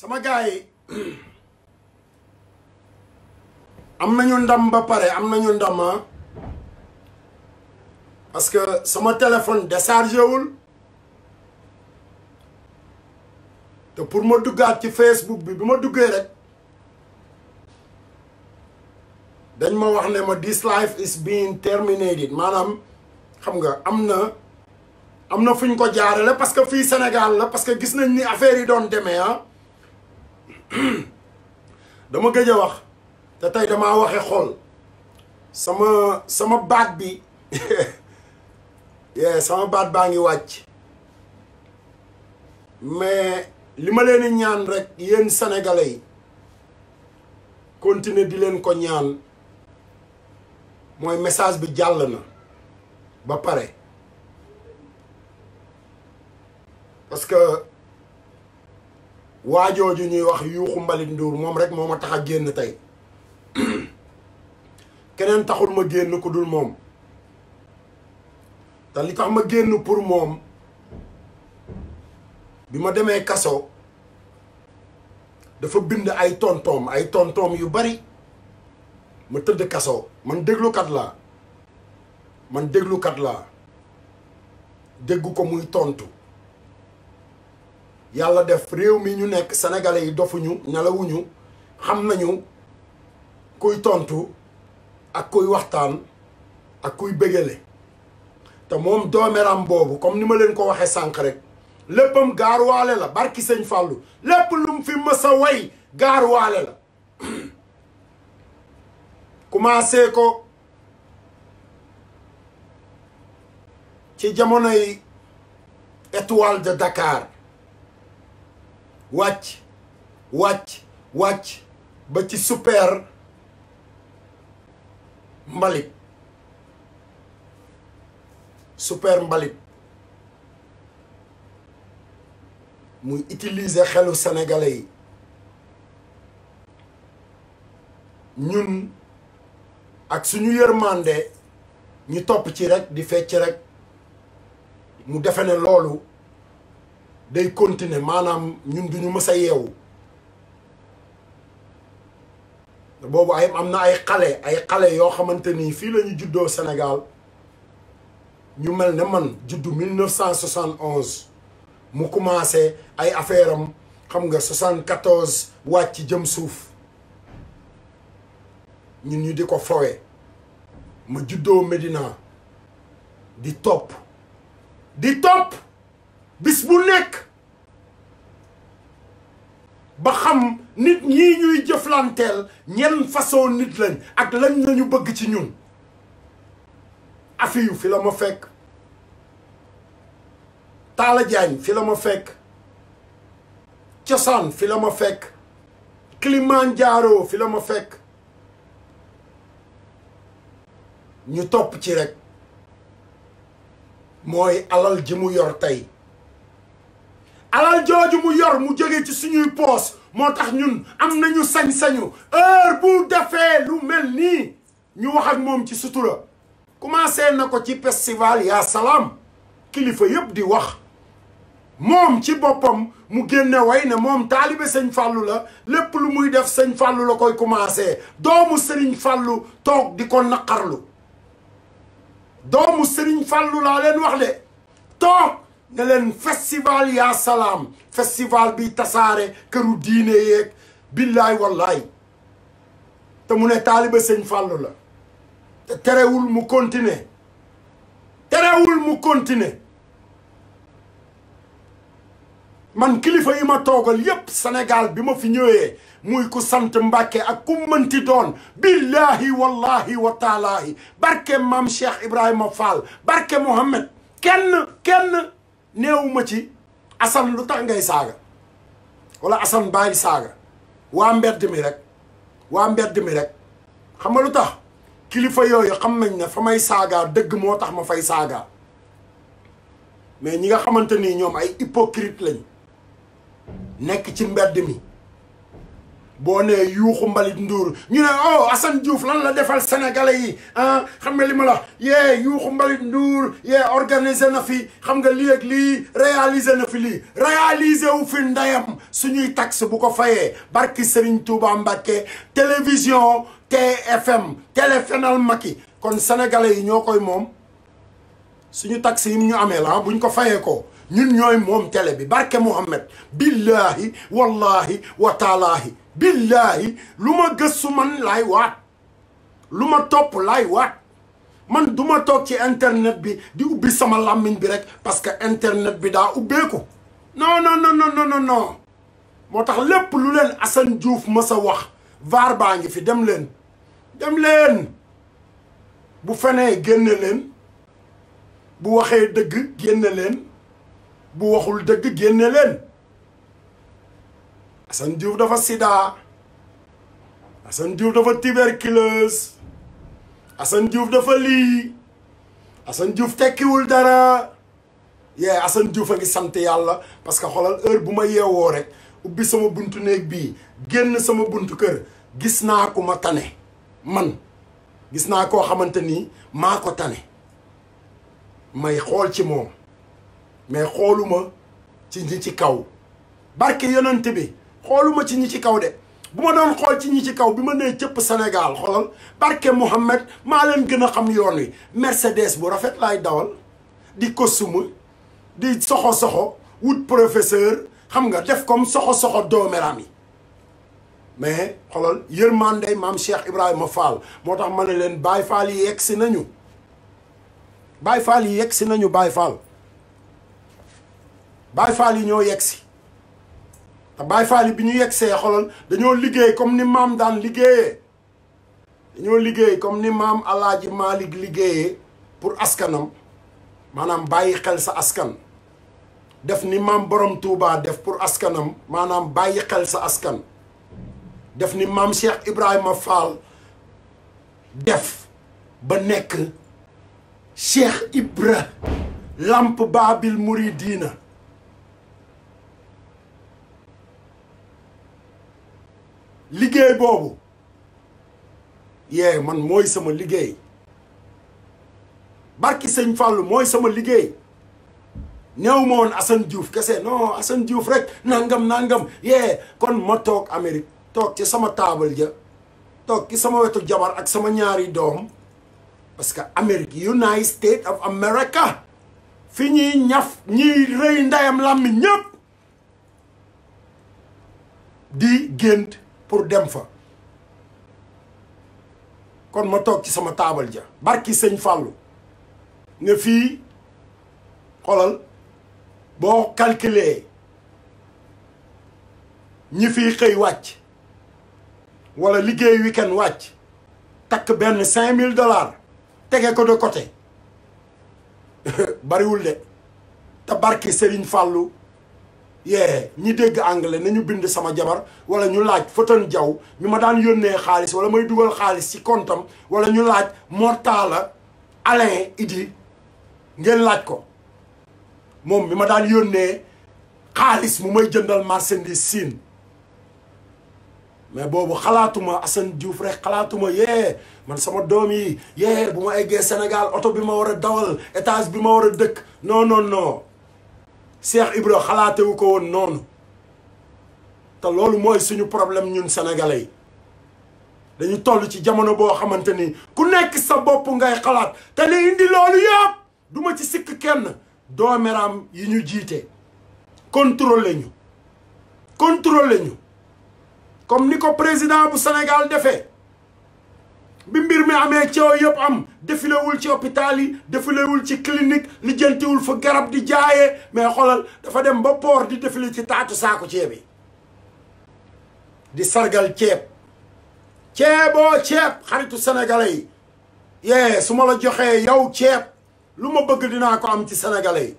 sama gars yi am nañu ndam ba pare am nañu ndam ah. parce que sama téléphone déchargé wul te pour ma duggaat ci Facebook bi bi ma duggee rek dañ ma wax ne ma this life is being terminated maanaam xam nga am na am na fu ñu ko jaarale parce que fii Sénégal la parce que gis nañ ni affaire yi doon deme ah dama gëj a wax te tey damaa waxe xool sama sama baat bi sama baat baa ngi wàcc mais li ma leen ñaan rek yéen senegale yi continuer di leen ko ñaan mooy message bi jàll na ba pare parce que waajooju ñuy wax yuuxu mbalit nduur moom rek moo ma tax a génn tey keneen taxul ma génn ku dul moom te li tax ma génn pour moom bi ma demee kaso dafa bind ay tontoom ay tontoom yu bari ma tëdd kaso man déglukat laa man déglukat laa déggu ko muy tontu yàlla def réew mi ñu nekk sénégalais yi dofuñu nelawuñu xam nañu kuy tontu ak kuy waxtaan ak kuy bëggale te moom doomeram boobu comme ni ma leen ko waxee sànq rek léppam gaaruwaale la barki sëñ fàllu lépp lum fi mës a way gaaruwaale la commencé ko ci jamonoy étoile de dakaar wàcc wàcc wàcc ba ci super mbalit super mbalit muy utiliser xelu senegale yi ñun ak suñu yërmande ñu topp ci rek di fecc rek mu defe loolu day continuer maanaam ñun du ñu mës a yeewu boobu ay am na ay xale ay xale yoo xamante ni fii lañu juddoo Sénégal ñu mel ne man juddu 1971 mu commencé ay affaire am xam nga 74 wàcc jëm suuf ñun ñu di ko fowe ma juddoo Medina di topp di topp. bis bu nekk ba xam nit ñii ñuy jëflanteel ñenn façon nit lañ ak lañ lañu bëgg ci ñun afiyu fi la ma fekk Talla fi la ma fekk cosaan fi la ma fekk Kilimanjaro fi la ma fekk ñu topp ci rekk mooy alal ji mu yor tey alal jooju mu yor mu jóge ci suñuy poos moo tax ñun am nañu sañ-sañu heure bu defee lu mel nii ñu wax moom ci sutura commencé na ko ci festival yaa salaam kilifa yépp di wax moom ci boppam mu génne way ne moom taalibe sëñ fàllu la lépp lu muy def sëñ fàllu la koy commencé doomu sëriñ fàllu toog di ko naqarlu doomu sëriñ fàllu laa leen wax de toog ne leen festival yaa salaam festival bi tasaare këru diine yeeg billaay wallaay te mu ne taaliba sëñ Fallou la te terewul mu continuer terewul mu continuer man kilifa yi ma toogal yépp Sénégal bi ma fi ñëwee muy ku sant Mbàkke ak ku mënti doon billahi wallahi wa taalaahi barke maam Cheikh Ibrahima Fall barke Mohammed kenn kenn neewuma ci Assane lu tax ngay saaga wala Assane bàyyi saaga waa mbedd mi rek waa mbedd mi rek xam nga lu tax kilifa yooyu xam nañ ne fa may saagaa dëgg moo tax ma fay saagaa mais ñi nga xamante ni ñoom ay hypocrite lañ nekk ci mbedd mi boo nee yuuxu mbalit nduur ñu ne oh Assane Diouf lan la defal sénégalais yi ah xam nga li ma la wax yee yuuxu mbalit nduur yee organisé na fi xam nga li ak lii réalisé na fi lii réalisé wu fi ndeyam suñuy taks bu ko fayee barki Serigne Touba Mbacké télévision TFM téléfénal Macky kon sénégalais yi ñoo koy moom suñu taxe yi ñu amee la buñ ko fayee ko ñun ñooy moom tele bi barke Mouhamed billahi wallahi wa taalaahi billaahi lu ma gëstu man laay waat lu ma topp laay waat man du ma toog ci internet bi di bi sama làmmiñ bi rek parce que internet bi daa ubbeeku non non non noo moo tax lépp lu leen Assane Diouf ma sa wax vaar baa ngi fi dem leen dem bu fenee génne leen bu waxee dëgg génne leen bu waxul dëgg génne leen Assane Diouf dafa sida Assane Diouf dafa tuberculose Assane Diouf dafa lii Assane Diouf tekkiwul dara yee Assane Diouf a ngi sant yàlla parce que xoolal heure bu ma yeewoo rek ubbi sama buntu néeg bii génn sama buntu kër gis naa ko ma tane man gis naa koo xamante ni maa ko tane may xool ci moom mais xooluma ci ñi ci kaw barke yonent bi xooluma ci ñi ci kaw de bu ma doon xool ci ñi ci kaw bi mën nee cëpp Sénégal xoolal barke Mouhamed maa leen gën a xam yoon wi Mercedes bu rafet laay dawal di kostum di soxo soxo wut professeur xam nga def comme soxo soxo dooméram yi mais xoolal yërmande maam Cheikh Ibrahima Fall moo tax ma ne leen Baye Fall yi yegg si nañu Baye Fall yi yegg si nañu Baye Fall Baye Fall yi ñoo yegg si te Baye bi ñu yegg see xolal dañoo liggéey comme ni maam daan liggéeyee dañoo liggéey comme ni maam Alaaji Malick liggéeyee pour askanam maanaam bàyyi xel sa askan def ni maam borom Touba def pour askanam maanaam bàyyi xel sa askan def ni maam Cheikh Ibrahima Fall def ba nekk Cheikh Ibra lamp baabil muridina liggéey boobu yee man mooy sama liggéey barki sëñ Fallou mooy sama liggéey néew ma woon Assane Diouf kese non Assane Diouf rek nangam nangam yee kon ma toog Amérique toog ci sama taabal ja toog ci sama wetu jabar ak sama ñaari doom parce que Amérique United States of America fi ñuy ñaf ñiy rëy ndeyam làmmi ñépp di gént pour dem fa kon ma toog ci sama taabal ja barki sëñ Fallou nga fii xoolal boo calculer ñi fiy xëy wàcc walla liggéey kenn wàcc takk benn cinq mille dollars tege ko de côté bariwul de te barki Serigne Fallou yee ñi dégg anglais nañu bind sama jabar wala ñu laaj Feuteun Diaw mi ma daan yónnee xaalis wala may dugal xaalis ci kontam wala ñu laaj Mortala Alain Idi ngeen laaj ko moom mi ma daan yónnee xaalis mu may jëndal marchandise siin mais boobu xalaatuma Assane Diouf rek xalaatuma yee man sama doom yi yee bu ma eggee Sénégal oto bi ma war a dawal étage bi ma war a dëkk non non non Cheikh ibro xalaatewu ko woon noonu te loolu mooy suñu problème ñun sénégalais yi dañu toll ci jamono boo xamante ni ku nekk sa bopp ngay xalaat te li indi loolu yëpp duma ci sikk kenn doomeraam yi ñu jiite contrôlé ñu contrôlé ñu comme ni ko président bu Sénégal defee bi mbir mi amee coow yëpp am defiléwul ci hôpital yi defiléwul ci clinique li jëntiwul fa garab di jaayee mais xoolal dafa dem ba port di defile ci taatu saaku ceeb yi di sargal ceeb ceeboo ceeb xaritu sénégalais yi yee su ma la joxee yow ceeb lu ma bëgg dinaa ko am ci sénégalais yi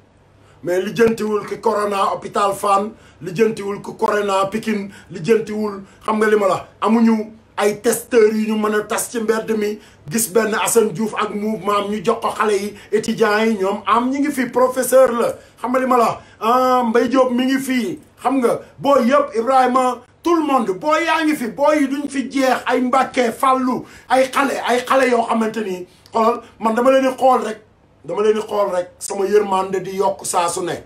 mais li jëntiwul ki corona hôpital fan li jëntiwul ki corona Pikine li jëntiwul xam nga li ma la amuñu ay testeurs yu ñu mën a tas ci mbedd mi gis benn Assane Diouf ak mouvement ñu jox ko xale yi étudiants yi ñoom am ñi ngi fi professeur la xam nga li ma la ah Mbaye Diop mi ngi fii xam nga boo yëpp Ibrahima tout le monde boo yaa ngi fi boo yi duñ fi jeex ay mbàkkee fàllu ay xale ay xale yoo xamante ni xoolal man dama leen di xool rek dama leen di xool rek sama yërmande di yokk saa su ne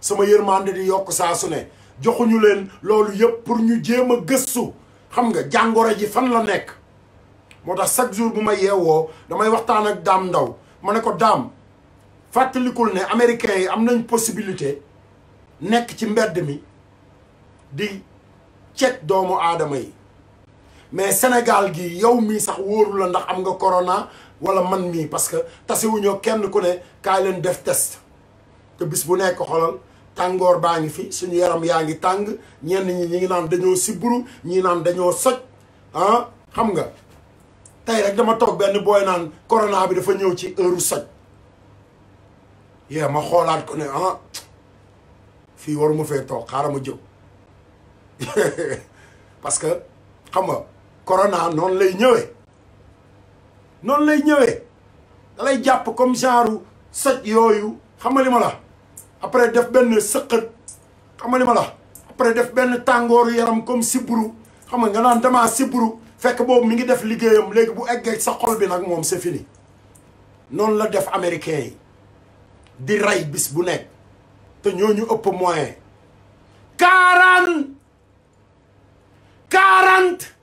sama yërmande di yokk saa su ne joxuñu leen loolu yëpp pour ñu jéem a gëstu. xam nga jàngoro ji fan la nekk moo tax chaque jour bu ma yeewoo damay waxtaan ak daam ndaw ma ne ko daam fàttalikul ne américains yi am nañ possibilité nekk ci mbedd mi di ceet doomu aadama yi mais Sénégal gi yow mii sax wóoru la ndax am nga corona wala man mii parce que tasewuñoo kenn ku ne kaay leen def test te bis bu nekk xolal tàngoor baa ngi fi suñu yaram yaa ngi tàng ñenn ñi ñi ngi naan dañoo siburu ñi naan dañoo soj ah xam nga tey rek dama toog benn booy naan corona bi dafa ñëw ci heure soj xoolaat ko ne ah fii waruma fee toog xaaral ma jóg parce que xam nga corona noonu lay ñëwee noonu lay ñëwee da jàpp comme genre soj yooyu xam nga ma la après def benn sëqët xam nga li ma la après def benn tàngooru yaram comme siburu xam nga nga naan damaa siburu fekk boobu mi ngi def liggéeyam léegi bu eggee sa xol bi nag moom c'est fini noonu la def américain yi di ray bis bu nekk te ñooñu ëpp moyen quarante quarante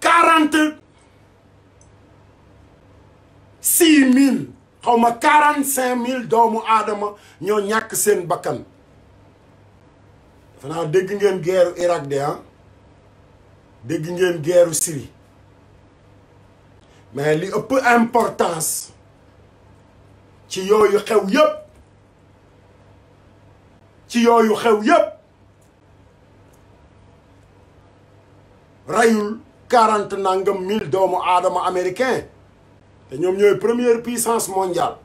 quarante six mille xaw ma quarante cinq mille doomu aadama ñoo ñàkk seen bakkan dafa naa dégg ngeen guerre Irak de ah dégg ngeen guerre Syrie mais li ëpp importance ci yooyu xew yépp ci yooyu xew yépp rayul quarante nangam mille doomu aadama américain te ñoom ñooy première puissance mondiale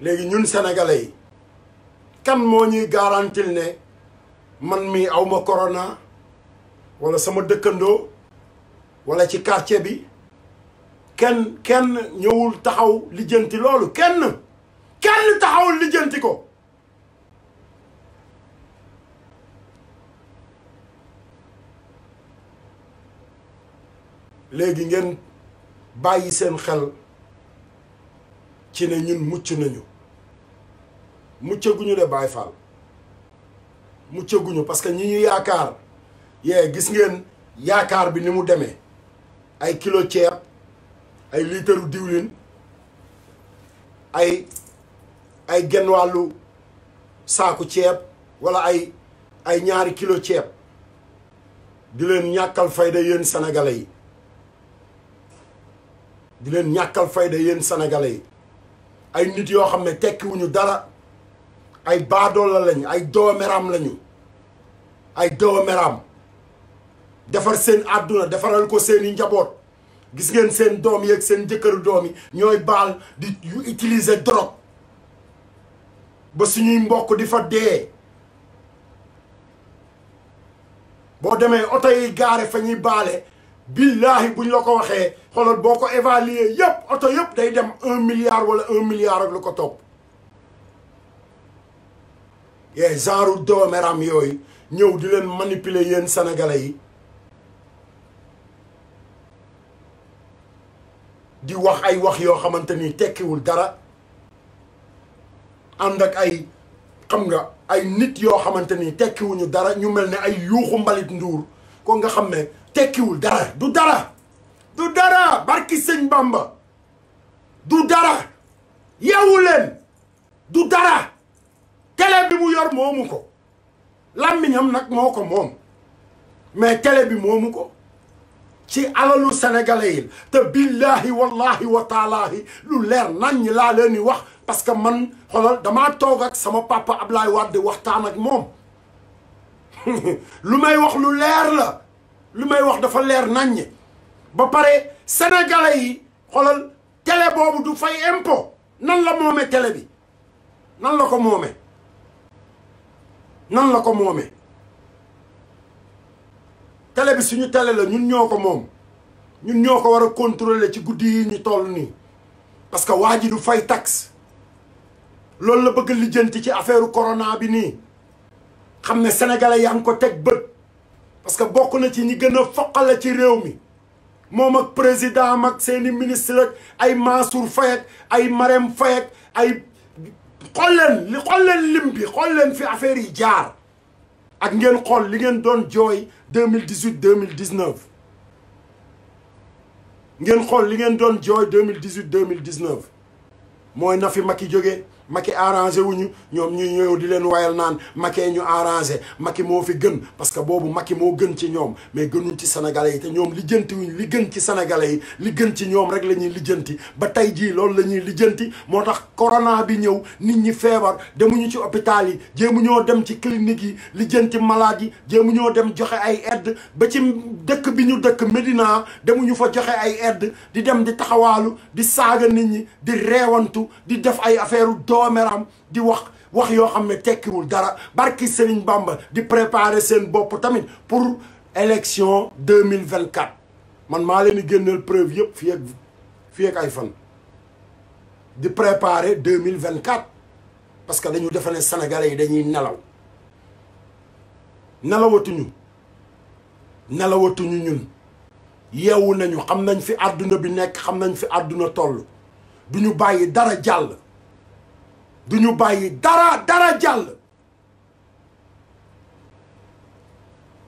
léegi ñun sénégalais yi kan moo ñuy garantil ne man mii awma corona wala sama dëkkandoo wala ci quartier bi kenn kenn ñëwul taxaw lijjanti loolu kenn kenn taxawul lijjanti ko léegi ngeen bàyyi seen xel ci ne ñun mucc nañu muccaguñu de Baay Faal muccaguñu parce que ñu ñu yaakaar yee gis ngeen yaakaar bi ni mu demee ay kilo ceeb ay liitaru diwlin ay ay genn wàllu saaku ceeb walla ay ay ñaari kilo ceeb di leen ñàkkal fayda yéen sénégalais yi di leen ñàkkal fayda yéen senegale yi ay nit yoo xam ne tekkiwuñu dara ay baadoola lañ ay dooméram lañu ay dooméram defar seen àdduna defaral ko seeni njaboot gis ngeen seen doom yi ak seen jëkkëru doom yi ñooy baal di yu utiliser drogue ba suñuy mbokk di fa dee boo demee oto yi gaare fa ñuy baale billaahi buñ la ko waxee xoolal boo ko évaluer yëpp oto yëpp day dem un milliard wala un milliard ak lu ko topp yee genre doomeram yooyu ñëw di leen manipuler yéen sénégalais yi di wax ay wax yoo xamante ni tekkiwul dara ànd ak ay xam nga ay nit yoo xamante ni tekkiwuñu dara ñu mel ni ay yuuxu mbalit nduur ko nga xam ne tekkiwul dara du dara du dara barki sëñ Bamba du dara yeewu leen du dara télé bi mu yor moomu ko lammiñam nag moo ko moom mais télé bi moomu ko ci alalu sénégalais yi te billahi wallahi wa taalahi lu leer naññ laa leen di wax parce que man xoolal damaa toog ak sama papa Ablaye Wade waxtaan ak moom lu may wax lu leer la li may wax dafa leer naññe ba pare sénégalais yi xoolal télé boobu du fay impôt nan la moome télé bi nan la ko moome nan la ko moome tele bi suñu télé la ñun ñoo ko moom ñun ñoo ko war a contrôler ci guddi yi ñu toll nii parce que waa ji du fay tax loolu la bëgg lijjanti ci affaire corona bi nii xam ne sénégalais yaa ngi ko teg bët parce que bokk na ci ñi gën a foqale ci réew mi moom ak président mag seeni ministre ak ay Mansour Faye ak ay Marème Faye ak ay xool leen li xool leen lim bi xool leen fi affaire yi jaar ak ngeen xool li ngeen doon jooy deux mille dix huit mille dix neuf ngeen xool li ngeen doon jooy deux mille dix huit deux mille dix neuf mooy na fi Macky jógee Macky wu ñu ñoom ñuy ñëw di leen wayal naan Macky ñu arrangé Macky moo fi gën parce que boobu Macky moo gën ci ñoom mais gënuñ ci sénégalais yi te ñoom lijjanti wuñ li gën ci sénégalais yi li gën ci ñoom rek la ñuy lijjanti ba tey jii loolu la ñuy lijjanti moo tax corona bi ñëw nit ñi feebar demuñu ci hôpital yi jéemu ñoo dem ci clinique yi lijjanti malade yi jéemu ñoo dem joxe ay aide ba ci dëkk bi ñu dëkk Médina demuñu fa joxe ay aide di dem di taxawaalu di saaga nit ñi di reewantu di def ay affaire doomeram di wax wax yoo xam ne tekkiwul dara barki Serigne Bamba di préparer seen bopp tamit pour élection 2024 man maa leen di génneel preuve yëpp fii ak fii ak ay fan di préparer 2024 parce que dañu defe ne sénégalais yi dañuy nelaw nelawatuñu nelawatuñu ñun yeewu nañu xam nañ fi àdduna bi nekk xam nañ fi àdduna toll duñu bàyyi dara jàll du ñu bàyyi dara dara jàll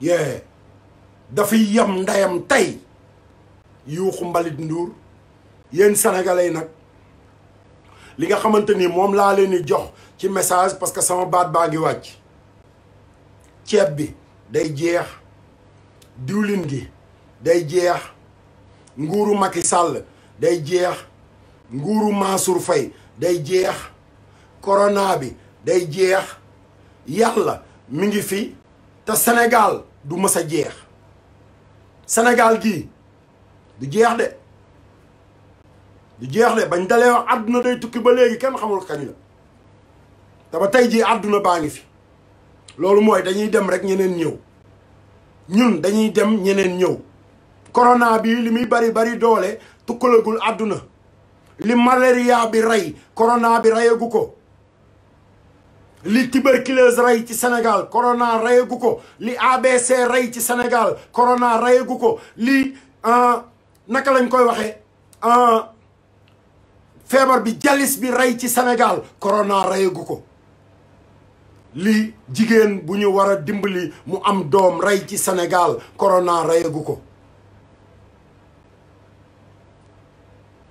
yee dafay yem ndeyam tey yuuxu mbalit nduur yéen yi nag li nga xamante ni moom laa leen jox ci message parce que sama baat baa ngi wàcc ceeb bi day jeex diwlin gi day jeex nguuru Macky sàll day jeex nguuru Mansour Faye day jeex corona bi day jeex yàlla mi ngi fi te senegaal du mës a jeex Sénégal gii du jeex de du jeex de bañ dalee àdduna day tukki ba léegi kenn xamul kañ la te ba tey jii àdduna baa ngi fi loolu mooy dañuy dem rek ñeneen ñëw ñun dañuy dem ñeneen ñëw corona bi li muy bari bari doole tukkalagul àdduna li malaria bi rey corona bi reyagu ko li tuberculose rey ci senegal corona reyagu ko li ABC rey ci senegal corona reyagu ko li euh, naka lañ koy waxe euh, feebar bi jalis bi rey ci senegal corona reyagu ko li jigéen bu ñu war a dimbali mu am doom rey ci Sénégal corona reyagu ko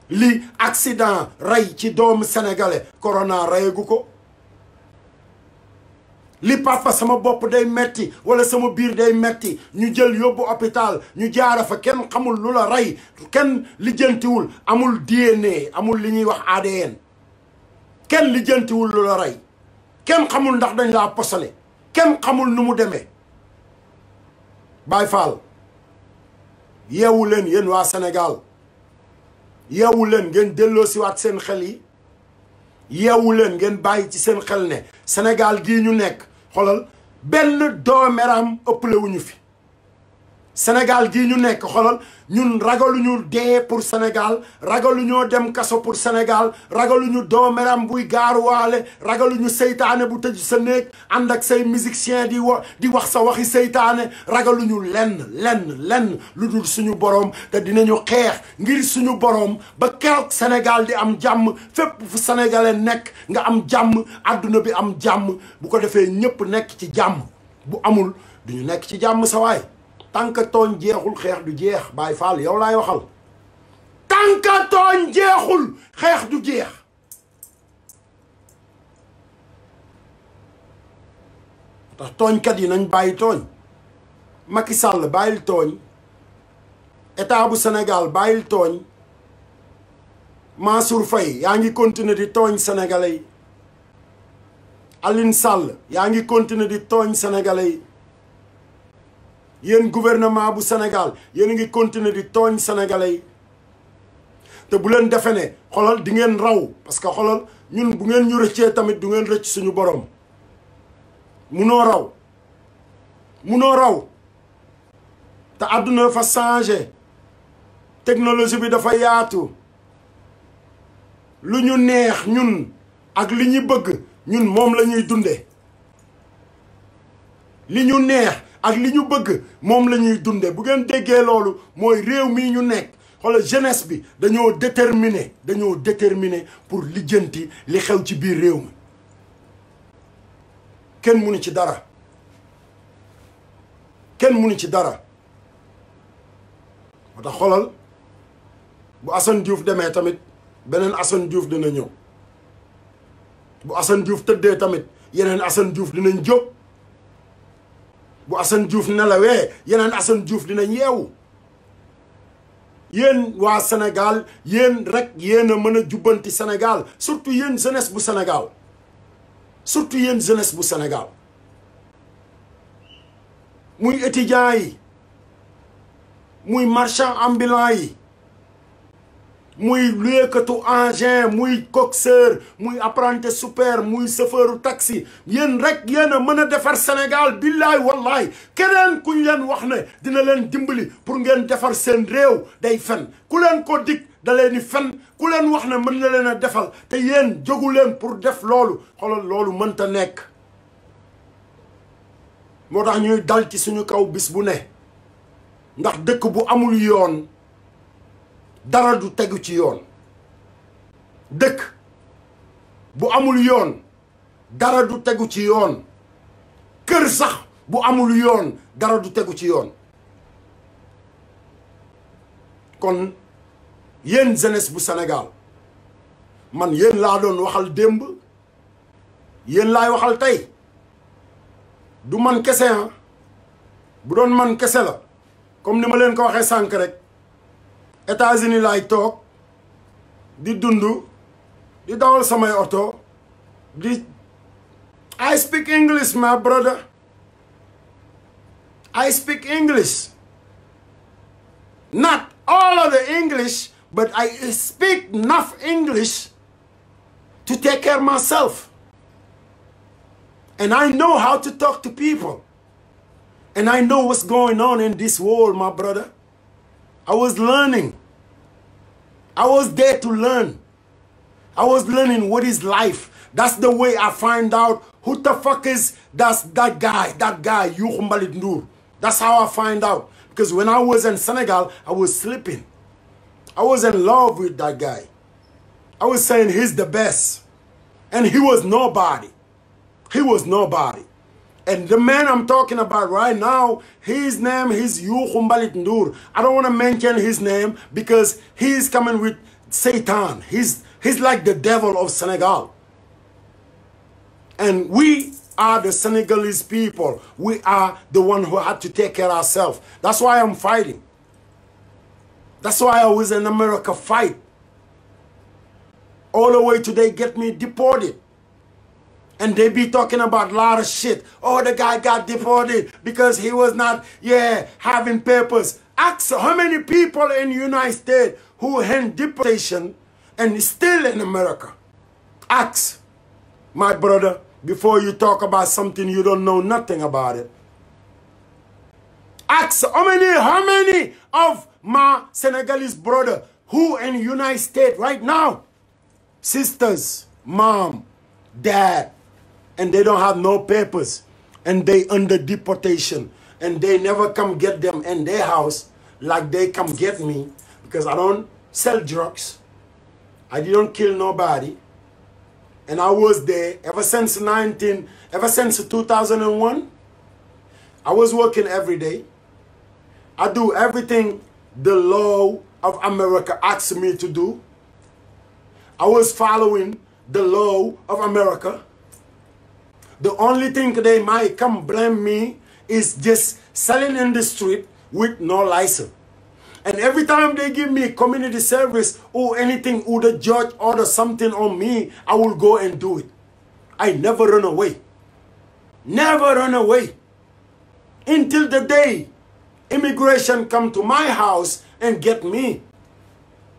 li accident rey ci doomu sénégalais corona reyagu ko li papa sama bopp day metti wala sama biir day metti ñu jël yóbbu hôpital ñu jaara fa kenn xamul lu la rey kenn li lijjantiwul amul DNA amul li ñuy wax ADN kenn lijjantiwul lu la rey kenn xamul ndax dañ laa posale kenn xamul nu mu deme Baay Faal yeewu leen waa Sénégal yeewu leen ngeen delloo siwaat seen xel yi yeewu leen ngeen bàyyi ci seen xel ne Sénégal gii ñu nekk xoolal benn doomeram ëppale wu ñu fi. Sénégal gii ñu nekk xolal ñun ragaluñu dee pour Sénégal ragaluñoo dem kaso pour Sénégal ragaluñu doomeram buy gaaruwaale ragaluñu seytaane bu tëj sa néeg ànd ak say musicien di wa di wax sa waxi seytaane ragaluñu lenn lenn lenn lu dul suñu boroom te dinañu xeex ngir suñu boroom ba keroog Sénégal di am jàmm fépp fu sénégalais nekk nga am jàmm àdduna bi am jàmm bu ko defee ñëpp nekk ci jàmm bu amul ñu nekk ci jàmm sa waay tant tooñ jeexul xeex du jeex Baye Fall yow laay waxal tant que tooñ jeexul xeex du jeex tax tooñkat yi nañ bàyyi tooñ Macky Sall bàyyil tooñ état bu Sénégal bàyyil tooñ Mansour Faye yaa ngi continuer di tooñ sénégalais yi Aline Sall yaa ngi continuer di tooñ sénégalais yi yéen gouvernement bu Sénégal yéen a ngi continuer di tooñ sénégalais yi te bu leen defe ne xolal di ngeen raw parce que xolal ñun bu ngeen ñu rëccee tamit du ngeen rëcc suñu borom munoo raw munoo raw te àdduna fa changé technologie bi dafa yaatu lu ñu neex ñun ak li ñu bëgg ñun moom la ñuy dunde li ñu neex ak li ñu bëgg moom la ñuy dunde bu ngeen déggee loolu mooy réew mii ñu nekk xoolal jeunesse bi dañoo déterminé dañoo déterminé pour lijjanti li xew ci biir réew mi kenn mënu ci dara kenn mënu ci dara moo tax xoolal bu Assane juuf demee tamit beneen Assane juuf dina ñëw bu Assane juuf tëddee tamit yeneen Assane Diouf dinañ jóg bu Assane Diouf nelawee yeneen Assane Diouf dinañ yeewu yéen waa Sénégal yéen rek yéen a mën a jubbanti senegaal surtout yéen jeunesse bu Sénégal surtout yéen jeunesse bu Sénégal muy étudiants yi muy marchand ambulant yi muy luyeekatu engin muy coxeur muy apprenti super muy chauffeuru taxi yéen rek yéen a mën a defar Sénégal billaay wallaay keneen kuñ yen wax ne dina leen dimbali pour ngeen defar seen réew day fen ku leen ko dig da leen di fen ku leen wax ne mën na leen a defal te yéen jógu leen pour def loolu xoolal loolu mënta nekk moo tax ñuy dal ci suñu kaw bis bu ne ndax dëkk bu amul yoon dara du tegu ci yoon dëkk bu amul yoon dara du tegu ci yoon kër sax bu amul yoon dara du tegu ci yoon kon yéen jeunesse bu Sénégal man yéen laa doon waxal démb yéen laay waxal tey du man kese ah. bu doon man kese la comme ni ma leen ko waxee sànk rek États-Unis di dund di dawal samay oto I speak English my brother I speak English not all of the English but I speak English to take care myself and I know how to talk to people and I know what's going on in this world my brother I was learning I was there to learn. I was learning what is life. That's the way I find out who the fuck is that's that guy, that guy, Youh Mbalit Ndour. That's how I find out. Because when I was in Senegal, I was sleeping. I was in love with that guy. I was saying he's the best. And he was nobody. He was nobody. And the man I'm talking about right now, his name is Yuhumbalit Ndur. I don't want to mention his name because he's coming with Satan. He's, he's like the devil of Senegal. And we are the Senegalese people. We are the one who had to take care of ourselves. That's why I'm fighting. That's why I was in America fight. All the way today, get me deported. And they about a shit. Oh, the guy got deported because he was not, having papers. Ask how many people in the United States who had deportation and still in America. Ask, my about something you don't know nothing about it. Ask how many, how brother who in the United States right now, sisters, mom, and they don't have no papers and they under deportation and they never come get them in their house like they come get me because I don't sell drugs. I didn't kill nobody. And I was there ever since 19, ever since 2001. I was working every day. I do everything the law of America asks me to do. I was following the law of America. The only thing they might come blame me is just selling in the street with no license. And every time they give me community service or anything or the judge order something on me, I will go and do it. I never run away. Never run away. Until the day immigration come to my house and get me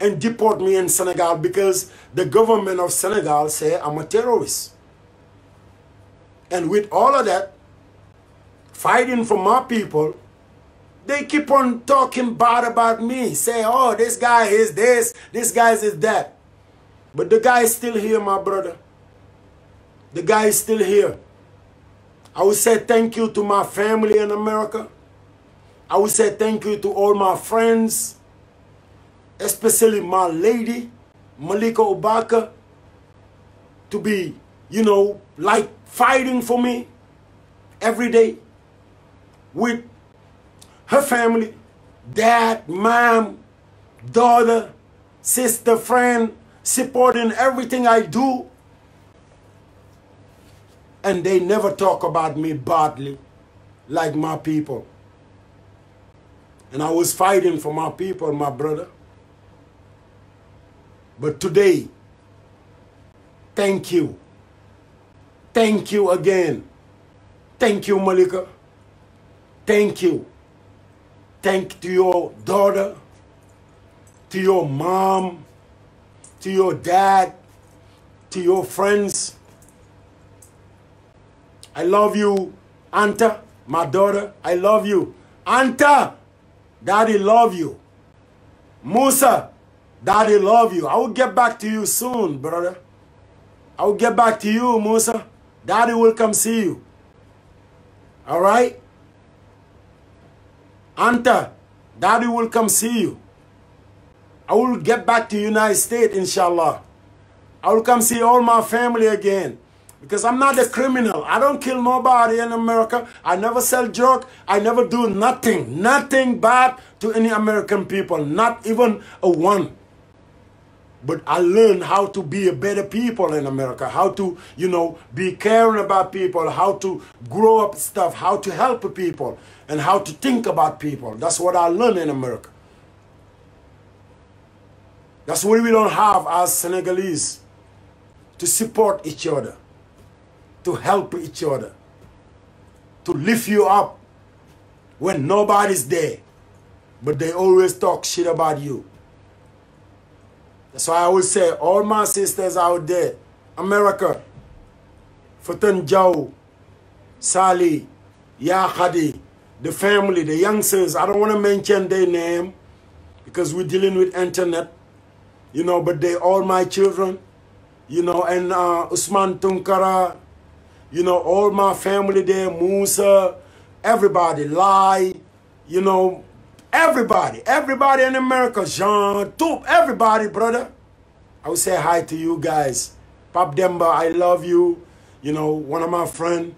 and deport me in Senegal because the government of Senegal say I'm a terrorist. And with all of that, fighting for my people, they keep on talking bad about me, say, oh, this guy is this, this guy is that. But the guy is still here, I would say thank you to my family in America. I would say thank you to all my friends, especially my lady, Malika Obaka, to be, you know, like fighting for me every day with her family, dad, mom, daughter, sister, friend, supporting everything I do. And they never talk about me badly like my people. And I was fighting for my people, my brother. But today, thank you. thank you again thank you Malika thank you thank to your daughter to your mom to your dad to your friends I love you Anta my daughter I love you Anta daddy love you Musa daddy love you I will get back to you soon brother I will get back to you Daddy will come see you. All right? Anta, Daddy will come see you. I will get back to United States, inshallah. I will come see all my family again. Because I'm not a criminal. I don't kill nobody in America. I never sell drug. I never do nothing. Nothing bad to any American people. Not even a one. But I learned how to be a better people in America, how to, be caring about people, how to grow up stuff, how to help people, and how to think about people. That's what I learned in America. That's what we don't have as Senegalese to support each other, to help each other, to lift you up when nobody's there, but they always talk shit about you. That's why I always say, all my sisters out there, America, Fatan Jow, Sally, Yahadi, the family, the youngsters, I don't want to mention their name because we're dealing with internet, but they all my children, and uh, Usman Tunkara, all my family there, Musa, everybody, Lai, you know, Everybody, everybody America, Jean, Toop, everybody, brother. I would say hi to you guys. Pop I love you. You know, one of my friend.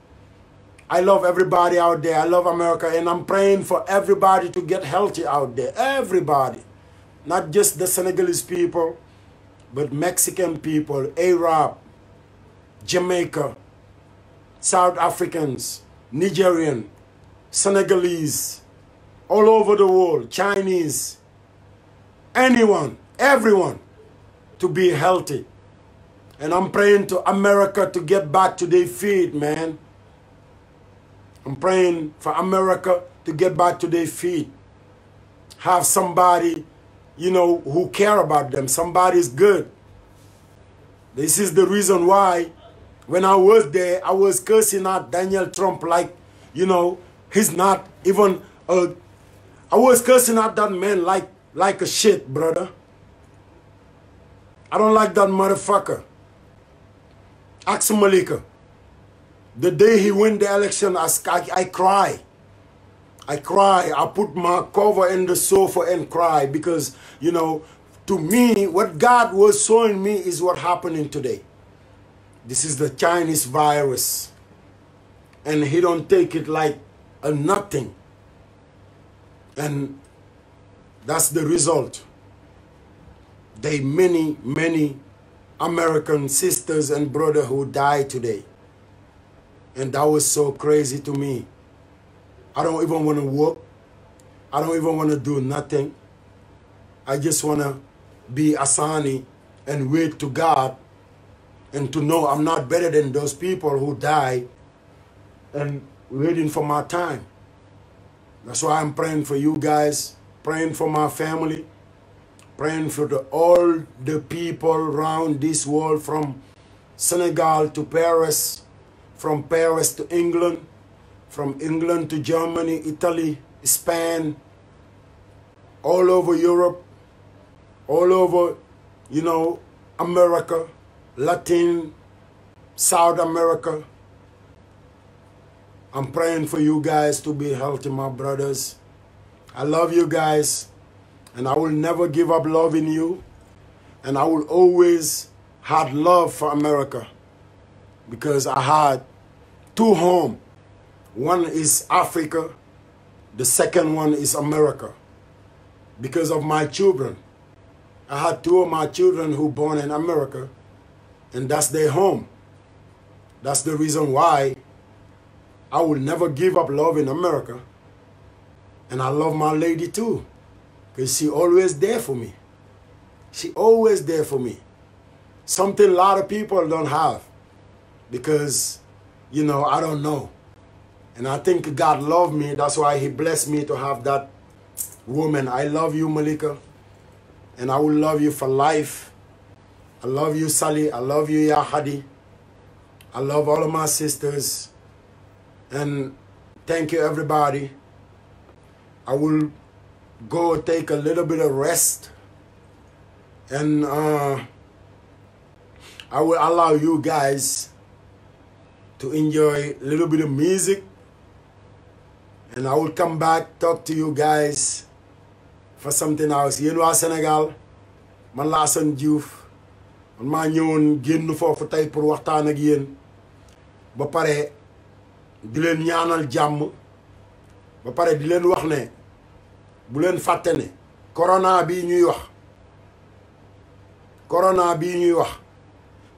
I love everybody out there. I love America. And I'm praying for everybody to get healthy out there. Everybody. Not just the Senegalese people, but Mexican people, Arab, Jamaica, South Africans, Nigerian, Senegalese, all over the world, Chinese, anyone, everyone, to be healthy. And I'm praying to America to get back to their feet, man. I'm praying for America to get back to their feet. Have somebody, who care about them. Somebody's good. This is the reason why when I was there, I was cursing out Daniel Trump like, you know, he's not even I was cursing at that man like like a shit, brother. I don't like that motherfucker. Ask Malika. The day he win the election, I, I, I cry. I cry. I put my cover in the sofa and cry because, you know, to me, what God was showing me is what happening today. This is the Chinese virus. And he don't take it like a nothing. And that's the result. They many, many American sisters and brother who died today. And that was so crazy to me. I don't even want to work. I don't even want to do nothing. I just want to be Asani and wait to God and to know I'm not better than those people who die and waiting for my time. That's why I'm praying for you guys, praying for my family, praying for all the people around this world from Senegal to Paris, from Paris to England, from England to Germany, Italy, Spain, all over Europe, all over, America, Latin, South America, I'm praying for you guys to be healthy, my brothers. I love you guys, and I will never give up loving you, and I will always have love for America because I had two home. One is Africa, the second one is America because of my children. I had two of my children who born in America, and that's their home. That's the reason why I will never give up love in America. And I love my lady too. Because she always there for me. She always there for me. Something a lot of people don't have. Because, you know, I don't know. And I think God loved me. That's why he blessed me to have that woman. I love you, Malika. And I will love you for life. I love you, Sally. I love you, Yahadi. I love all of my sisters. And thank you, everybody. I will go take a little bit of rest. And uh, I will allow you guys to enjoy a little bit of music. And I will come back, talk to you guys for something else. Yéen waa Sénégal man laa Assane Diouf man maa ñëwoon génn foofu tey pour waxtaan ak pare. di leen ñaanal jàmm ba pare di leen wax ne bu leen fàtte ne corona bii ñuy wax corona bii ñuy wax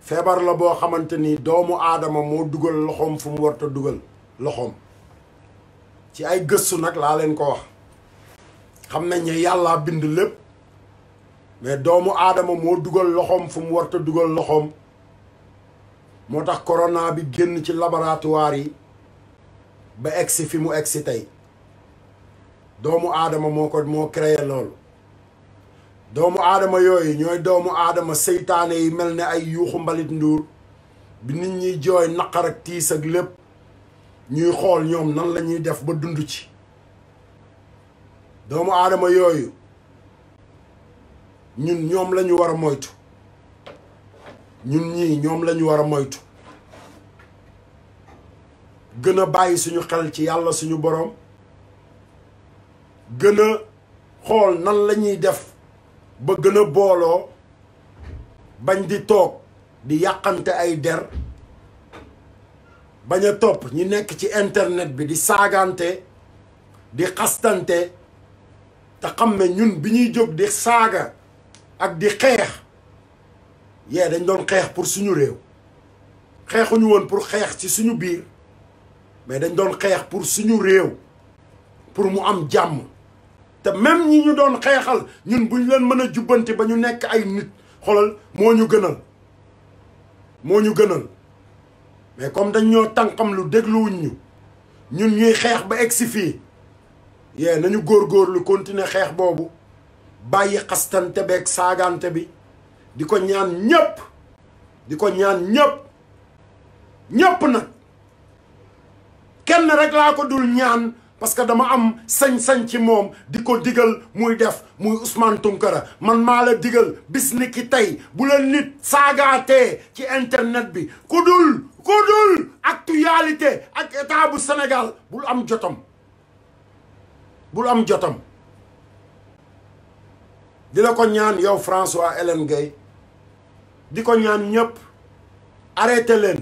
feebar la boo xamante ni doomu aadama moo dugal loxoom fu mu warta dugal loxoom ci ay gëstu nag laa leen ko wax xam nañ ne yàllaa bind lépp mais doomu aadama moo dugal loxoom fu mu warta dugal loxoom moo tax corona bi génn ci laboratoire yi ba egsi fi mu egsi tey doomu aadama moo ko moo créé loolu doomu aadama yooyu ñooy doomu aadama seytaane yi mel ni ay yuuxu mbalit nduur bi nit ñiy jooy naqar ak tiis ak lépp ñuy xool ñoom nan la ñuy def ba dund ci doomu aadama yooyu ñun ñoom la ñu war a moytu ñun ñii ñoom lañu ñu war a moytu gën a bàyyi suñu xel ci yàlla suñu boroom gën a xool nan lañuy def ba gën a booloo bañ di toog di yàqante ay der bañ a topp ñi nekk ci internet bi di saagante di xastante te xam ne ñun bi ñuy jóg di saaga ak di xeex yee dañ doon xeex pour suñu réew xeexuñu woon pour xeex ci suñu biir mais dañ doon xeex pour suñu réew pour mu am jàmm te même ñi ñu doon xeexal ñun buñ leen mën a jubbanti ba ñu nekk ay nit xoolal moo ñu gënal moo ñu gënal mais comme dañ ñoo tànqam lu dégluwuñ ñu ñun ñuy xeex ba egsi fii yee nañu góor góor lu continuer xeex boobu bàyyi xastante beeg saagante bi di ko ñaan ñëpp di ko ñaan ñëpp ñëpp nag kenn rek laa ko dul ñaan parce que dama am sañ-sañ ci moom di ko digal muy def muy Ousmane Tounkara man maa la digal bis ki tey bu la nit saagaatee ci internet bi ku dul ku dul actualité ak état bu Sénégal bul am jotom bul am jotam di la ko ñaan yow François Hélène di ko ñaan ñëpp arrêté leen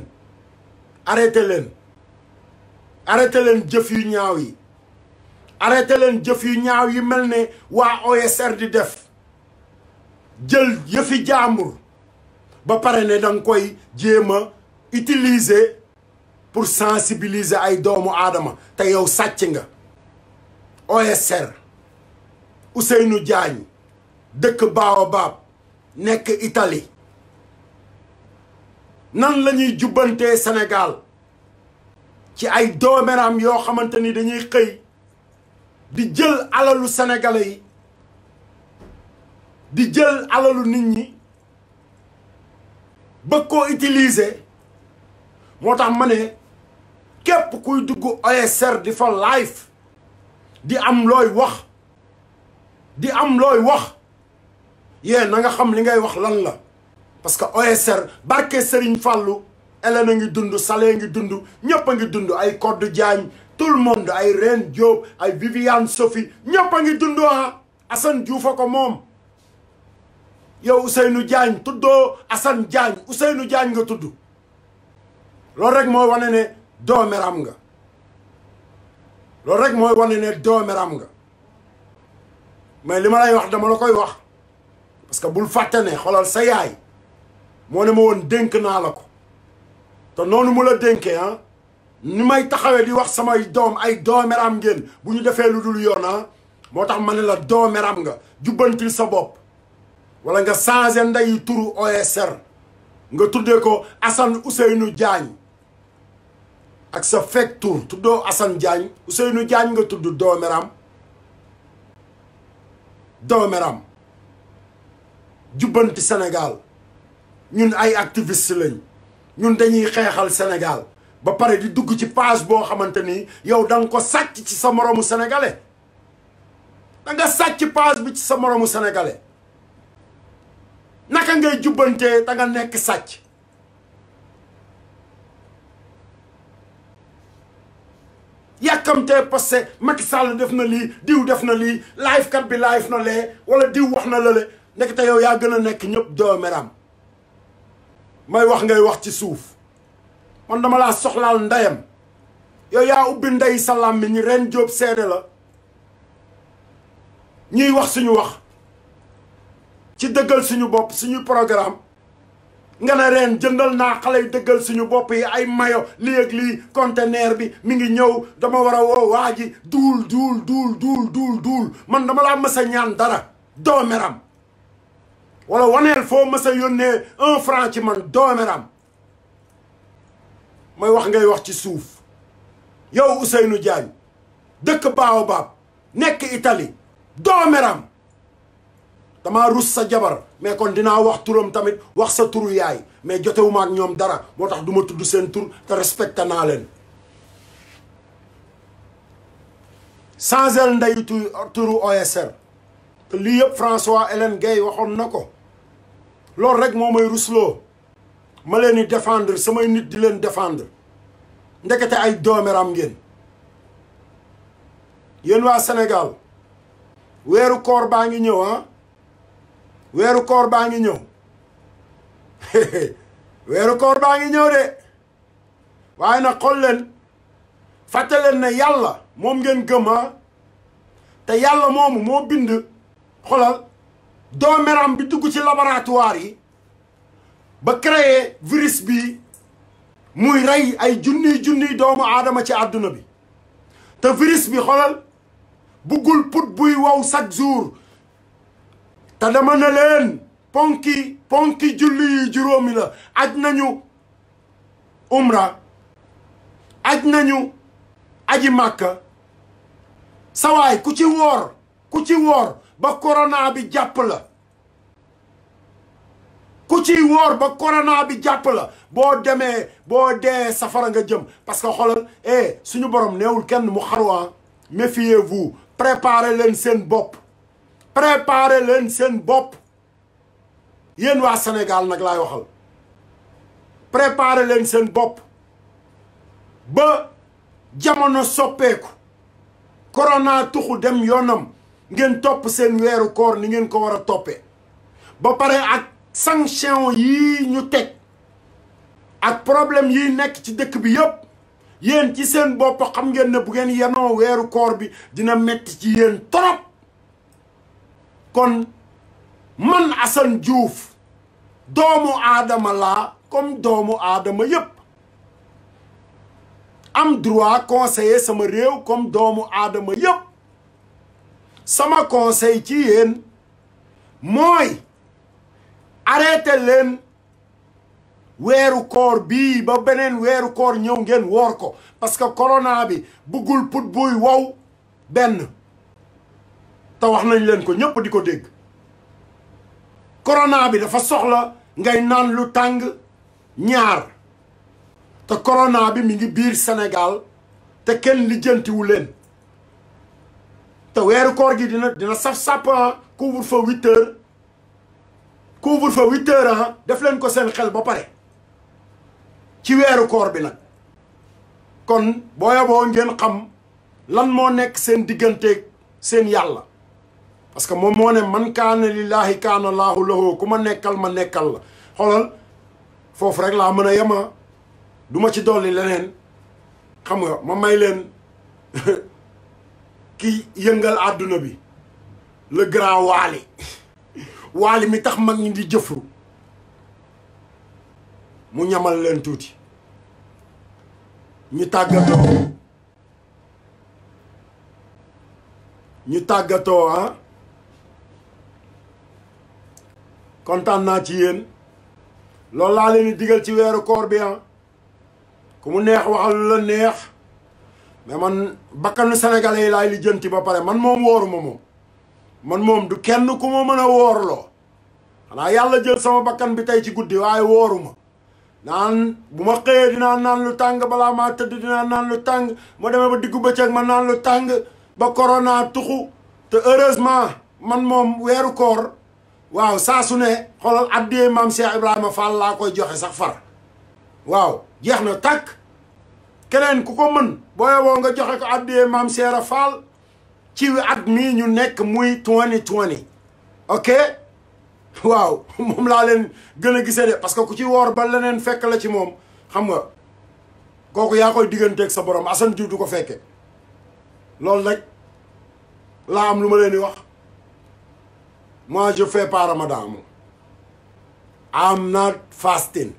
arrêté leen arrêté leen jëf yu ñaaw yi arrêté jëf yu ñaaw yi mel ne waa OSR di def jël yëfi jaambur ba pare ne dang koy jéema a pour sensibiliser ay doomu aadama te yow sàcc nga OSR Ousseynou Diagne dëkk Baobab nekk itali nan lañuy ñuy jubbantee Sénégal ci ay dooméram yoo xamante ni dañuy xëy di jël alalu sénégalais yi di jël alalu nit ñi bëgg koo utiliser moo tax ma ne képp kuy dugg OSR di fa live di am looy wax di am looy wax yee na nga xam li ngay wax lan la parce que OSR barke Serigne Fallou Hélène a ngi dund Salé ngi dund ñëpp a ngi dund ay Codé jaañ tout le monde ay Reine Diop ay Viviane Sophie ñëpp a ngi dund ah Assane Diouf ko moom yow Ousseynou Diagne tuddoo Assane u Ousseynou jaañ nga tudd loolu rek moo wane ne doomeram nga loolu rek mooy wane ne doomeram nga mais li ma lay wax dama la koy wax parce que bul fàtte ne xoolal sa yaay moo ne ma woon dénk naa la ko te noonu mu la dénkee ah ni may taxawee di wax samay doom ay doomeram ngeen bu ñu defee lu dul yoon ah moo tax ma ne la doomeram nga jubbantil sa bopp walla nga changé ndeyu turu OSR nga tuddee ko Assane Ousseynou jaañ ak sa fekk tur tuddoo Assane Diagne Ousseynou jaañ nga tudd doomeram doomeram jubbanti Sénégal ñun ay activiste lañ ñun dañuy xeexal Sénégal ba pare di dugg ci page boo xamante ni yow da nga ko sàcc ci sa moroomu sénégalais danga nga sàcc page bi ci sa moromu sénégalais naka ngay jubbantee danga nekk sàcc yàkkamtee parce que Macky Sall def na lii diw def na lii live kat bi live na lee wala diw wax na lële ndekete yow yaa gën a nekk ñëpp doomeram may wax ngay wax ci suuf man dama laa soxlaal ndeyam yow yaa ubbi ndey sa làmmiñ Reine Diop seede la ñuy wax suñu wax ci dëggal suñu bopp suñu programme nga ne Reine jëndal naa xale yu dëggal suñu bopp yi ay mayo lii ak lii conteneur bi mi ngi ñëw dama war a woo waa ji duul duul duul duul duul duul man dama laa mës ñaan dara doo wala waneel foo mës a yónnee un franc ci man doomeram mooy wax ngay wax ci suuf yow Ousseynou Diagne dëkk Baobab nekk itali doomeram damaa rus sa jabar mais kon dinaa wax turam tamit wax sa turu yaay mais jotewuma ak ñoom dara moo tax du ma tudd seen tur te respecté naa leen changel nday turu OSR te lii yëpp François Hélène Gaye waxoon na ko loolu rek moo may rusloo ma leen di défendre samay nit di leen défendre ndekete ay doomeram ngeen yéen waa Sénégal weeru koor baa ngi ñëw ah weeru koor baa ngi ñëw weeru koor baa ngi ñëw de waaye nag xool leen fàtte ne yàlla moom ngeen gëm ah? te yàlla moomu moo bind xolal dooméram bi dugg ci laboratoire yi ba créer virus bi muy rey ay junni junniy doomu aadama ci àdduna bi te virus bi xolal buggul put buy wow chaque jour te dama ne leen ponki ponki julli yi juróomi la aj nañu umra aj nañu aji màkka sawaay ku ci woor ku ci woor ba corona bi jàpp la ku ci woor ba corona bi jàpp la boo demee boo dee safara nga jëm parce que xoolal eh suñu borom neewul kenn mu xarwaa ah. méfiez-vous préparez leen seen bopp préparez leen seen bopp yéen waa Sénégal nag laay waxal préparez leen seen bopp ba jamono soppeeku corona tuxu dem yoonam ngeen topp seen weeru koor ni ngeen ko war a toppee ba pare ak sanction yii ñu teg ak problème yi nekk ci dëkk bi yëpp yéen ci seen bopp xam ngeen ne bu ngeen yenoo weeru koor bi dina metti ci yen trop kon man Assane Diouf doomu aadama laa kom doomu aadama yëpp am droit conseiller sama réew kom doomu aadama yëpp sama conseil ci yéen mooy arrêté leen weeru koor bii ba beneen weeru koor ñëw ngeen woor ko parce que corona bi bëggul put buy wow benn te wax nañ leen ko ñépp di ko dégg corona bi dafa soxla ngay naan lu tàng ñaar te corona bi mu ngi biir Sénégal te kenn lijjantiwu leen te weeru koor gi dina dina saf sappan ah. couvre feu huit heures couvre ah. def leen ko seen xel ba pare ci weeru koor bi nag kon boo booyoboo ngeen xam lan moo nekk seen digganteek seen yàlla parce que moom moo ne man kaana lillaahi kaana laahu lahu ku ma nekkal ma nekkal la xoolal foofu rek laa mën a yema ah. duma ci dolli leneen xam nga ma may leen ki yëngal àdduna bi la grand waali waali mi tax mag ñi di jëfru mu ñamal leen tuuti ñu tàggatoo ñu tàggatoo ah kontaan naa ci yéen lool laa leen digal ci weeru koor bi ah ku mu neex waxal la neex mais man bakkanu senegal yi laay lijjanti ba pare man moom wóoruma moom man moom du kenn ku ma mën a wóorloo xanaa yàlla jël sama bakkan bi tey ci guddi waaye wóoruma naan bu ma xëyee dinaa naan lu tàng balaa maa tëdd dinaa naan lu tàng ma demee ba diggu bëccëg ma naan lu tàng ba korona tuxu te heureusement man moom weeru koor waaw saa su ne xoolal addee maam Cheikh Ibrahima Fall laa koy joxe sax far waaw jeex na tàkk keneen ku ko mën booye woo nga joxe ko addiyee maam Seera Fall ci at mii ñu nekk muy twenty twenty ok waaw moom laa leen gën a gise de parce que ku ci woor ba leneen fekk la ci moom xam nga kooku yaa koy digganteeg sa borom assan Diouf du ko fekke loolu nag laa am lu ma leen di wax mois je fais pas Ramadan moom I'm not fasting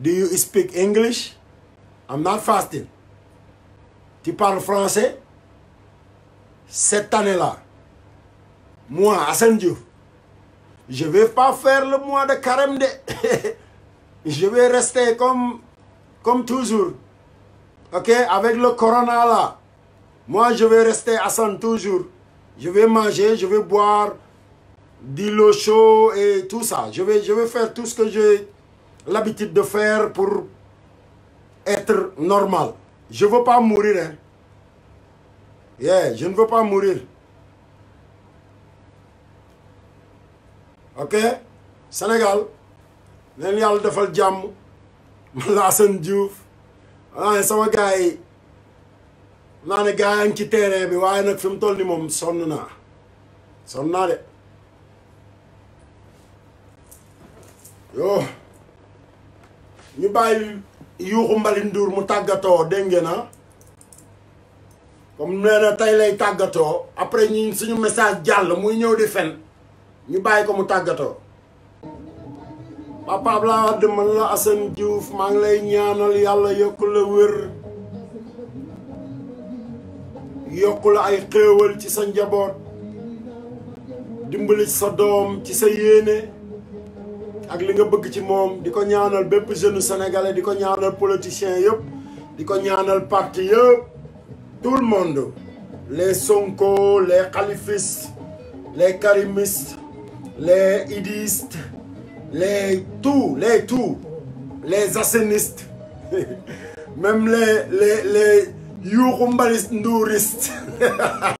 do you speak English I'm not fasting. Tu parles français. Cette année-là, moi, Hassan Diouf, je vais pas faire le mois de carême. De... je vais rester comme, toujours. OK Avec le corona là. Moi, je vais rester Hassan toujours. Je vais manger, je vais boire de l'eau chaude tout ça. Je vais, je vais faire tout ce que j'ai l'habitude de faire pour être normal je veux pas mourir hein yeah je ne pas mourir ok Sénégal leen yàlla defal jàmm Lassane Diouf waaye ah, sama gars yi naa ne gars yi ci terrain bi waaye nag fi mu toll ni moom sonn naa sonn de yoo ñu bàyyi yuuxu mbalit mu tàggatoo dégg ngeen na ah? comme nee na tey lay tàggatoo après ñi suñu message jàll muy ñëw di fen ñu bàyyi ko mu tàggatoo Papa Abdoulaye Wade man la Assane Diouf maa ngi lay ñaanal yàlla yokku la wér yokku la ay xéewal ci sa njaboot dimbali sa doom ci sa yéene ak li nga bëgg ci moom di ko ñaanal bépp jeune sénégalais di ko ñaanal politicien yëpp di ko ñaanal parti yëpp tout le monde les Sonko les khalifistes les karimistes les idistes les tout les tout les assénistes même les les les yuuxu mbalis nduuristes